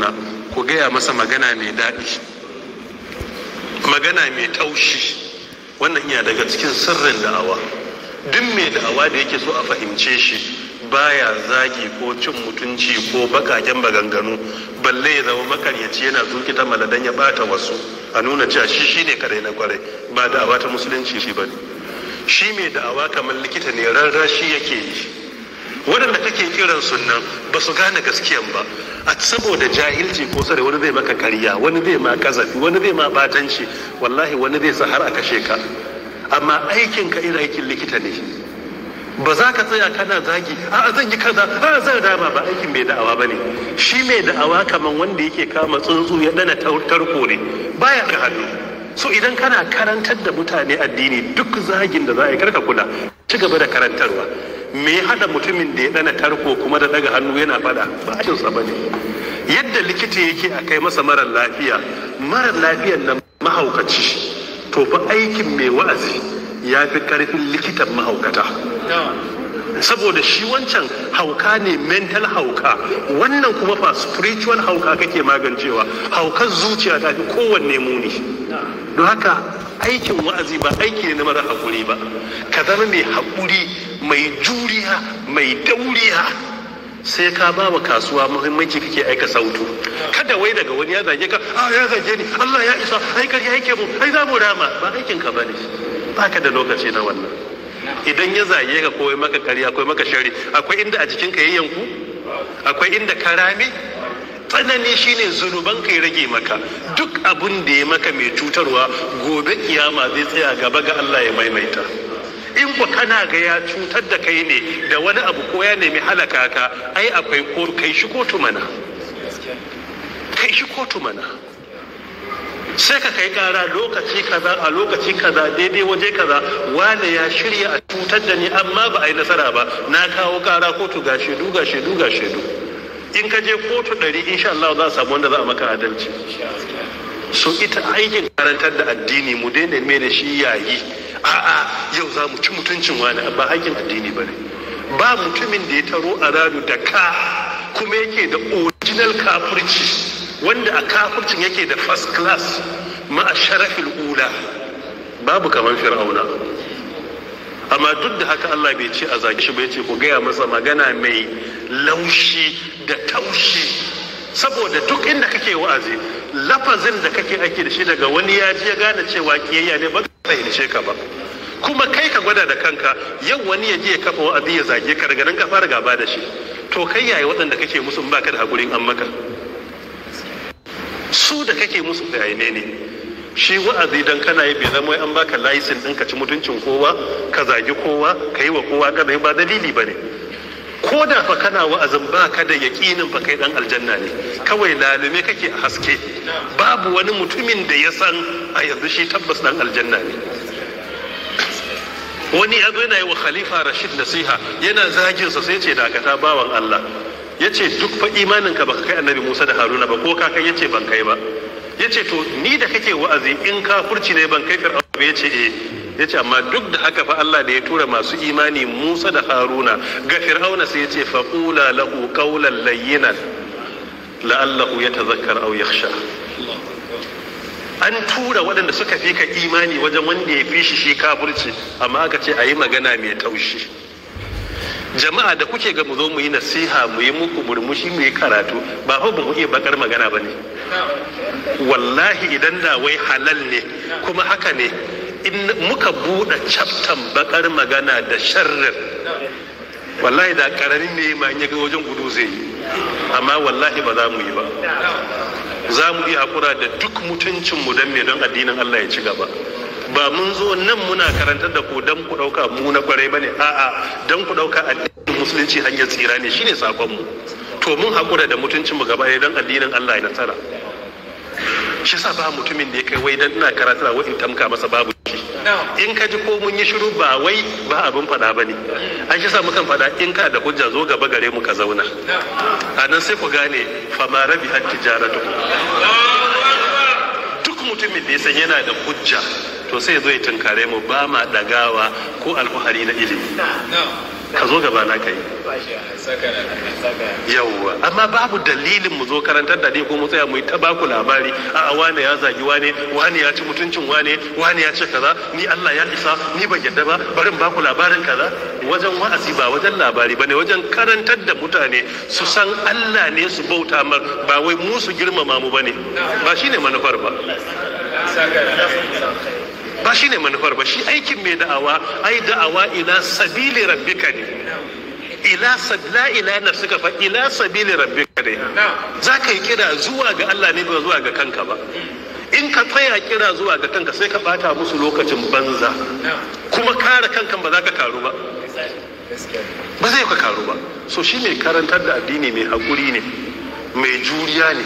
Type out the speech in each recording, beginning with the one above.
zauna ku gaya masa magana mai daɗi magana mai taushi wannan iya daga cikin sirrin da'awa duk mai da'awa da yake so a fahimce shi baya zagi ko cin mutunci ko bakaken baganganu balle ya zama makaryaci yana zuki ta maladan ya bata wasu a nuna cewa shi ne kare na kware ba da'awa ta musulunci shi ne. shi mai da'awa kamar likita ne rarrashi yake yi waɗanda kake kiran sunan ba su gane gaskiyan ba a saboda jahilci ko sare wani zai maka karya wani zai ma kazafi wani zai ma batanci wallahi wani zai sa har a kashe ka amma aikin ka irin aikin likita ne ba za ka tsaya kana zagi a zan yi kaza a zan dama ba aikin mai da'awa ba ne shi mai da'awa kamar wanda yake kama tsuntsu ya dana tarko ne baya ka hannu so idan kana karantar da mutane addini duk zagin da za a yi karka kula ci gaba da karantarwa me ya hada mutumin da ya dana tarko kuma da daga hannu yana fada ba ba ne yadda likita yake a kai masa mara lafiya marar lafiyan nan mahaukaci to fa aikin mai wa'azi ya fi karfin likitan mahaukata saboda shi wancan hauka ne mental hauka wannan kuma fa spiritual hauka kake magancewa haukar zuciya ta fi kowanne muni don haka aikin wa'azi ba aiki ne na mara haƙuri ba ka zama mai haƙuri mai juriya mai dauriya sai ka ba wa kasuwa muhimmanci kake aika sautu kada wai daga wani ya zage ka a ah, ya zage ni Allah ya isa aikar ya aike mu ai za mu rama ba aikin ka ba baka da lokaci na wannan idan ya zage ka ko maka karya akwai maka shari akwai inda a jikin ka yayyanku akwai inda ka rame tsanani shine zunuban kai rage maka duk abun da ya maka mai cutarwa gobe kiyama zai tsaya gaba ga Allah ya maimaita in ku kana ga ya cutar da kai ne da wani abu ko ya nemi halaka ka ai akwai ko kai shi kotu mana kai shi kotu mana sai ka kai kara lokaci kaza a lokaci kaza daidai waje kaza wane ya shirya a cutar da ni amma ba a yi nasara ba na kawo kara kotu ga shaidu ga shaidu ga shaidu in ka je kotu ɗari insha Allah za a samu wanda za a maka adalci so ita aikin karantar da addini mu daina mai da shi yayi a'a yau za mu ci mutuncin wani ba aikin addini ba ne ba mutumin da ya taro a radu da ka kuma yake da original kafirci wanda a kafircin yake da first class ma'a a sharafin ula babu kamar fir'auna amma duk da haka Allah bai ce a zage shi bai ce ku gaya masa magana mai laushi da taushi saboda duk inda kake wa'azi lafazin da kake ake da shi daga wani ya ji ya gane cewa kiyayya ne ba ka fahimce ka ba kuma kai ka gwada da kanka yau wani ya je ya kafa wa'azi ya zage ka daga nan ka fara gaba da shi to kai yaya waɗanda kake musu ba baka da hakurin an maka su da kake musu bayane ne shi wa'azi dan kana yi bai zama an baka laisin din ka ci mutuncin kowa ka zagi kowa ka yi wa kowa gaba ba dalili ba ne ko da fa kana wa'azin ba ka da yaƙinin fa kai dan aljanna ne kawai lalume kake a haske babu wani mutumin da ya san a yanzu shi tabbas dan aljanna ne wani yazo yana yi wa khalifa rashid nasiha yana zagin sa sai ce dakata bawan allah yace duk fa imanin ka baka kai annabi Musa da Haruna ba ko ka kai yace ban kai ba yace to ni da kake wa'azi in kafurci ne ban kai fir'auna ba yace eh yace amma duk da haka fa Allah da ya tura masu imani Musa da Haruna ga fir'auna sai ce fa qula lahu qawlan layyinan la'allahu yatazakkar aw yakhsha an tura waɗanda suka fi ka imani wajen wanda ya fi shi shi kafirci amma aka ce a yi magana mai taushi jama'a da kuke ga mu zo mu yi nasiha mu yi muku murmushi mu yi karatu ba fa ba mu iya bakar magana ba ne wallahi idan da wai halal ne kuma haka ne in muka buɗe captan bakar magana da sharrin wallahi da ƙaramin ne ma ya ga wajen gudu zai yi amma wallahi ba za mu yi ba za mu iya hakura da duk mutuncin mu don me don addinin Allah ya ci gaba ba mun zo nan muna karantar da ku dan ku dauka mu na kwarai bane a'a dan ku dauka addinin musulunci hanyar tsira ne shine sakon mu to mun hakura da mutuncin mu gaba dan addinin Allah ya nasara shi sa ba mutumin da ya kai wai dan ina karatu wa in tamka masa babu shi in ka ji ko mun yi shiru ba wai ba abin fada ba ne an shi sa mukan fada in ka da hujja zo gaba gare mu ka zauna a nan sai ku gane fama rabi har jaratu. duk mutumin da ya san yana da hujja to sai zo ya tunkare mu ba ma dagawa ko alkuhari na ilimi ka zo gaba na kai yauwa amma babu dalilin mu zo karantar da ne ko mu tsaya mu yi ta baku labari a wane ya zagi wane wane ya ci mutuncin wane wane ya ce kaza ni Allah ya isa ni ba yadda ba barin baku labarin kaza wajen wa'azi ba wajen labari bane wajen karantar da mutane su san Allah ne su bauta mar ba wai mu su girmama mu bane ba shine manufar ba ba shi ne manufar ba shi aikin mai da'awa ai da'awa ila sabili rabbika ne ila sabila ila suka fa ila sabili rabbika ne ka yi kira zuwa ga Allah ne ba zuwa ga kanka ba in ka tsaya kira zuwa ga kanka sai ka bata musu lokacin banza kuma kare kanka ba za ka karu ba ba zai ka karu ba so shi mai karantar da addini mai haƙuri ne mai juriya ne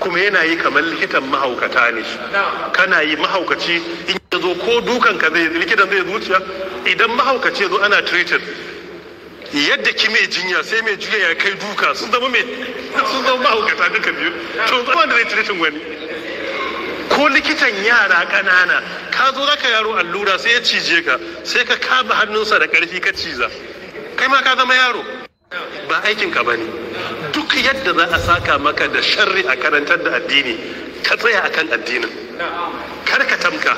kuma yana yi kamar likitan mahaukata ne kana yi mahaukaci in ta zo ko dukan ka zai likitan zai zuciya idan mahaukaci ya zo ana treated yadda ki mai jinya sai mai juya ya kai duka sun zama mai sun zama mahaukata duka biyu to zama da zai treating wani ko likitan yara ƙanana ka zo ka yaro allura sai ya cije ka sai ka kama hannunsa da ƙarfi ka ciza kai ma ka zama yaro ba aikin ka bane duk yadda za a saka maka da sharri a karantar da addini ka tsaya akan addinin kar ka tamka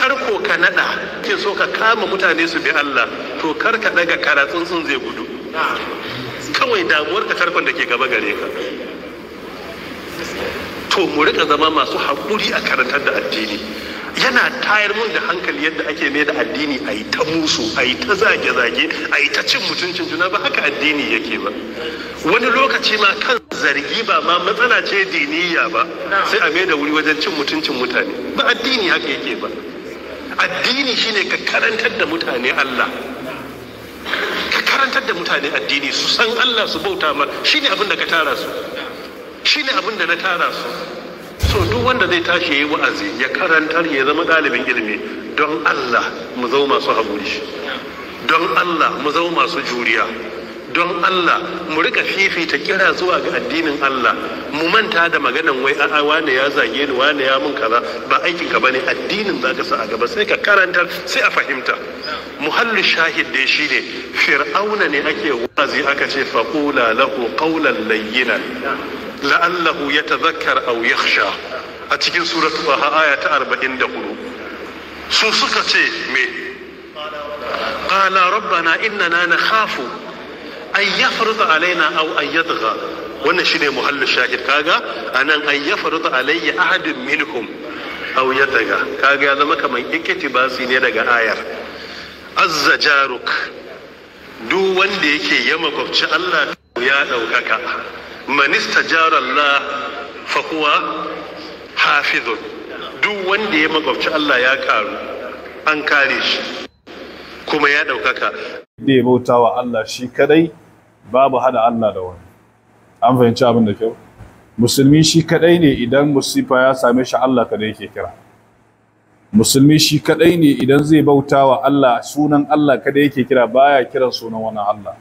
tarko ka nada ke so ka kama mutane su bi Allah to kar ka daga karatun sun zai gudu kawai damuwar ka tarkon da ke gaba gare ka to mu rika zama masu haƙuri a karantar da addini yana tayar mun da hankali yadda ake mai da addini a yi ta musu a yi ta zage-zage a yi ta cin mutuncin juna ba haka addini yake ba wani lokaci ma kan zargi ba ma matsala ce diniya ba sai a mai da wuri wajen cin mutuncin mutane ba addini haka yake ba addini shine ka karantar da mutane Allah ka karantar da mutane addini su san Allah su bauta ma shine abin da ka tara su shine abin da na tara su so duk wanda zai tashi yayi wa'azi ya karantar ya zama ɗalibin ilimi don Allah mu zama masu haƙuri don Allah mu zama masu juriya don Allah mu rika fifita kira zuwa ga addinin Allah mu manta da maganan wai a'a wane ya zage ni wane ya mun kaza ba aikin ka bane addinin zaka sa a gaba sai ka karantar sai a fahimta muhallu shahid dai shine fir'auna ne ake wazi aka ce faqula lahu qawlan layyinan la'allahu yatadhakkar aw yakhsha a cikin suratu baha aya ta 44 su suka ce me qala rabbana innana nakhafu an da alaina aw an yadgha wannan shi ne Muhallin shahid kaga a anan an da alayya ahadun minhum aw yadgha kaga ya zama kamar kaman basi ne daga ayar azza jaruk duk wanda yake ya makwabci Allah ya ɗaukaka manista istajara Allah hafizun duk wanda ya makwabci Allah ya karu an kare shi kuma ya ɗaukaka Bai bautawa Allah shi kadai babu hada Allah da wani an fahimci abin da kyau musulmi shi kadai ne idan musifa ya same shi Allah kadai yake kira musulmi shi kadai ne idan zai bautawa Allah sunan Allah kada yake kira baya kiran sunan wani Allah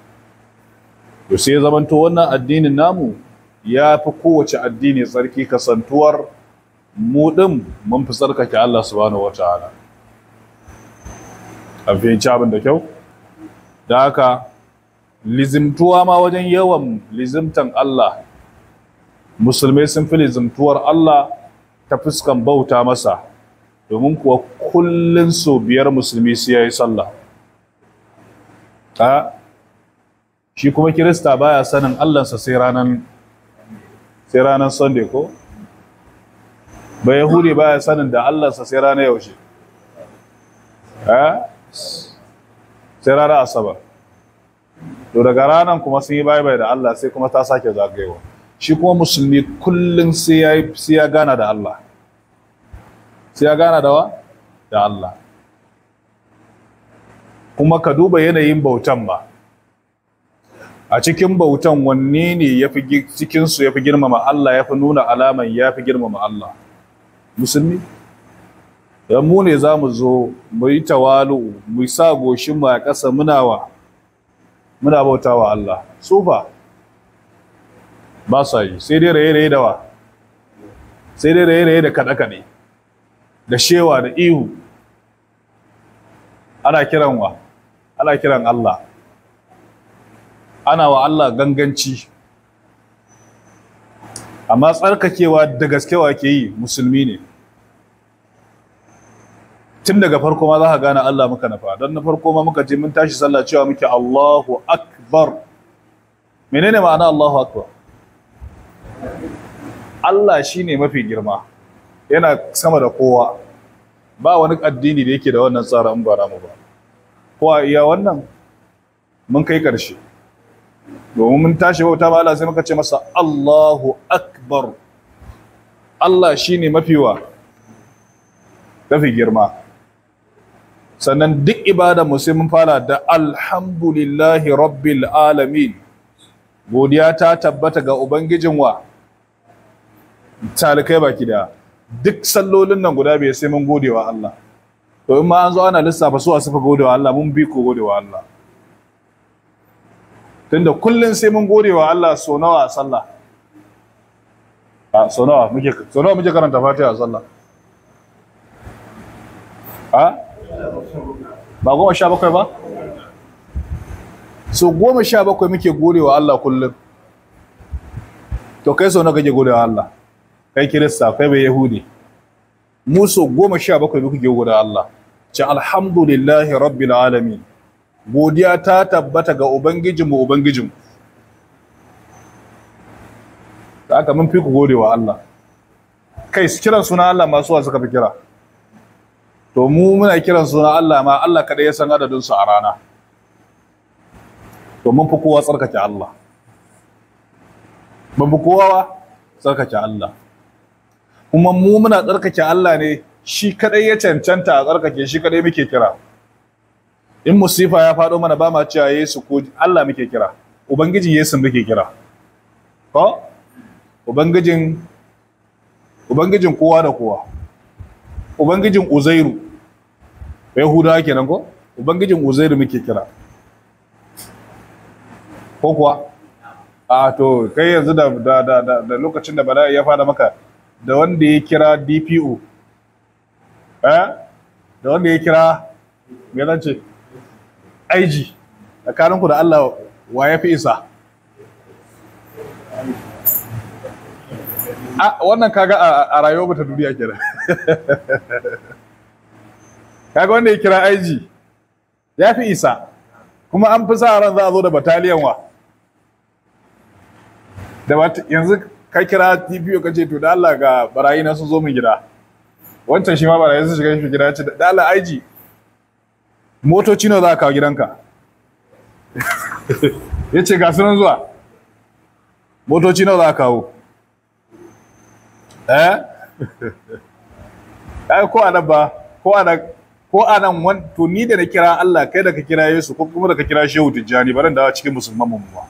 to sai zamanto wannan addinin namu ya fi kowace addini tsarki kasantuwar mu din mun fi tsarkake Allah subhanahu wataala an fahimci abin da kyau da haka lizimtuwa ma wajen yawan lizimtan Allah musulmai sun fi lizimtuwar Allah ta fuskan bauta masa domin kuwa kullun so biyar musulmi su yayi sallah ah, shi kuma kirista baya sanin allansa sai ranan sai Sunday ko ba Yahudi baya sanin da allansa sai ranar yaushe ah, sai ranar Asabar to daga ranar kuma sun yi baibai da Allah sai kuma ta sake zagayewa shi kuma musulmi kullum sai ya gana da Allah sai ya gana da wa da Allah kuma ka duba yanayin bautan ba a cikin bautan wanne ne yafi cikinsu ya fi girmama Allah ya fi nuna alaman ya fi girmama Allah musulmi don mu ne za mu zo mu yi tawalu mu sa goshin mu a ƙasa munawa muna bauta wa Allah su ba ba sa yi sai dai raye-raye da wa sai dai raye-raye da kaɗe-kaɗe da shewa da ihu ana kiran wa ana kiran Allah ana wa Allah ganganci amma tsarkakewa da gaskewa ke yi musulmi ne tun daga farko ma za ka gane Allah muka nafa don na farko ma muka je mun tashi sallah cewa muke Allahu akbar menene ma'ana Allahu akbar Allah shine mafi girma yana sama da kowa ba wani addini da yake da wannan tsara in ba ramu ba ko iya wannan mun kai karshe domin mun tashi bauta ma Allah sai muka ce masa Allahu akbar Allah shine mafi wa mafi girma sannan duk ibada mu mun fara da alhamdulillahi rabbil alamin godiya ta tabbata ga ubangijin wa talikai baki da duk sallolin nan guda biyar sai mun gode wa Allah to in ma an zo ana lissafa su a sufa gode wa Allah mun bi ko gode wa Allah tunda kullun sai mun gode wa Allah so nawa a sallah so nawa muke so nawa muke karanta fatiha sallah a ba goma sha bakwai ba so goma sha bakwai muke gode wa Allah kullum to kai sau na kake gode wa Allah kai kirista kai bai yahudi mu so goma sha bakwai muke gode wa Allah ce alhamdulillahi rabbil alamin godiya ta tabbata ga Ubangijin mu Ubangijin. da aka mun fi ku gode wa Allah kai kiran suna Allah masu wa suka fi kira to mu muna kiran suna Allah ma Allah kada ya san adadin su a rana to mun fi kowa tsarkake Allah Ban fi kowa tsarkake Allah kuma mu muna tsarkake Allah ne shi kadai ya cancanta a tsarkake shi kadai muke kira in musifa ya faɗo mana ba ma cewa Yesu ko Allah muke kira ubangiji Yesu muke kira ko ubangijin ubangijin kowa da kowa ubangijin uzairu ake nan ko ubangijin uzairu muke kira ko kuwa a to kai yanzu da da lokacin da bala ya fada maka da wanda ya kira DPO eh da wanda ya kira me zan ce IG tsakaninku da Allah wa ya fi isa a wannan kaga a rayuwar ta duniya kenan kaga wanda ya kira aiji ya fi isa kuma an fi sa ran za a zo da bataliyan wa da yanzu ka kira TPO ka ce to da Allah ga barayi na sun zo mu gida wancan shi ma barayi sun shiga shi gida ce da Allah aiji motoci nawa za ka kawo gidanka ya ce ga sunan zuwa motoci nawa za ka kawo eh ai ko anan ba ko anan ko anan wan to ni da na kira Allah kai da ka kira Yesu ko kuma da ka kira Shehu Tijjani baran da cikin musulman mu ba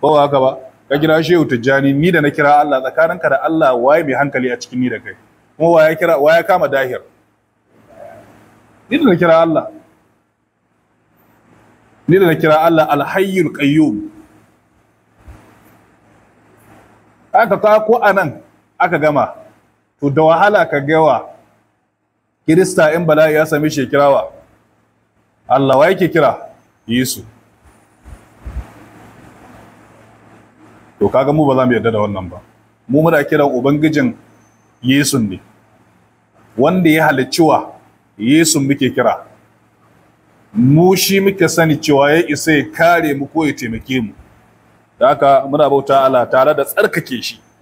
ko haka ba ka kira Shehu Tijjani ni da na kira Allah tsakaninka da Allah waye mai hankali a cikin ni da kai kuma waye kira waye kama dahir ni da na kira Allah ni da na kira Allah alhayyul qayyum aka ta ko anan aka gama to da wahala ka gawa kirista in bala'i ya sami shi kirawa Allah wa yake kira Yesu to kaga mu ba za mu yarda da wannan ba mu muna kiran ubangijin Yesu ne wanda ya halicci wa Yesu muke kira mu shi muke sani cewa ya isa ya kare mu ko ya taimake mu da haka muna bauta Allah tare da tsarkake shi